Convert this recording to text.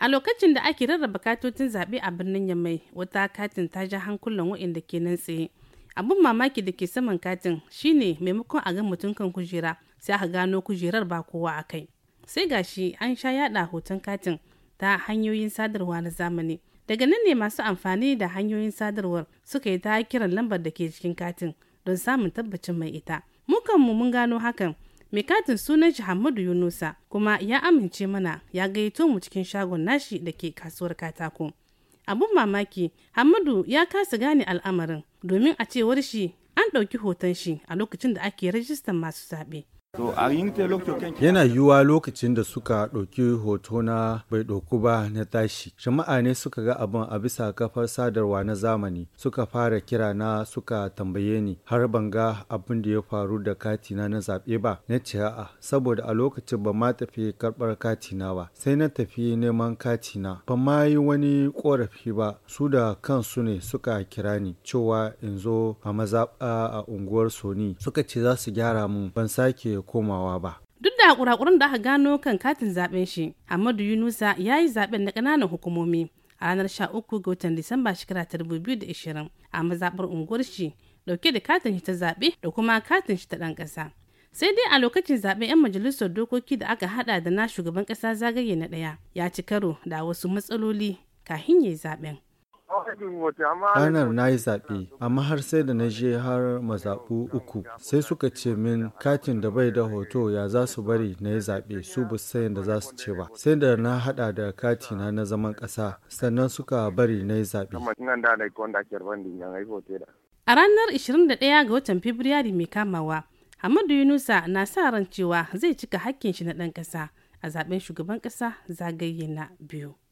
a lokacin da ake rarraba katotin zaɓe a birnin yamai wata katin ta ja hankulan waɗanda ke nan tsaye abin mamaki da ke saman katin shine maimakon a ga mutum kan kujera sai aka gano kujerar ba kowa a kai sai gashi an sha yada hoton katin ta hanyoyin sadarwa na zamani daga nan ne masu amfani da hanyoyin sadarwar suka yi ta kiran lambar da ke cikin katin don samun tabbacin mai ita mukan mu mun gano hakan mai katin sunan shi Hamadu Yunusa kuma ya amince mana ya gayyato mu cikin shagon nashi da ke kasuwar katako. Abun mamaki, Hamadu ya kasa gane al'amarin domin a cewar shi an ɗauki hoton shi a lokacin da ake rajistan masu zaɓe. Yana yiwuwa lokacin da suka ɗauki hoto na bai ɗauku ba na tashi. Jama'a ne suka ga abin a bisa kafar sadarwa na zamani suka fara kira na suka tambaye ni har ban ga abin da ya faru da katina na zaɓe ba. Na ce a'a saboda a lokacin ba ma tafi karɓar katina ba sai na tafi neman katina. ba ma yi wani ƙorafi ba su da kansu ne suka kira ni cewa in zo a mazaɓa a unguwar Soni suka ce za su gyara mun ban sake komawa ba. Duk da kurakuran da aka gano kan katin zaben shi, Ahmadu Yunusa ya yi zaben na ƙananan hukumomi a ranar 13 ga watan Disamba shekara 2020 a mazaɓar unguwar shi dauke da katin shi ta zaɓe da kuma katin shi ta ɗan ƙasa. Sai dai a lokacin zaɓen 'yan majalisar dokoki da aka haɗa da na shugaban ƙasa zagaye na ɗaya ya ci karo da wasu matsaloli kahin yayi zaɓen. Ranar na yi zaɓe, amma har sai da na je har mazaɓu uku sai suka ce min katin da bai da hoto ya za su bari na yi zaɓe su bu sai da za su ce ba. Sai da na haɗa da katina na zaman ƙasa sannan suka bari na yi zaɓe. A ranar 21 ga watan Fabrairu mai kamawa, Hamadu Yunusa na sa ran cewa zai cika hakkin shi na ɗan ƙasa a zaɓen shugaban ƙasa zagaye na biyu.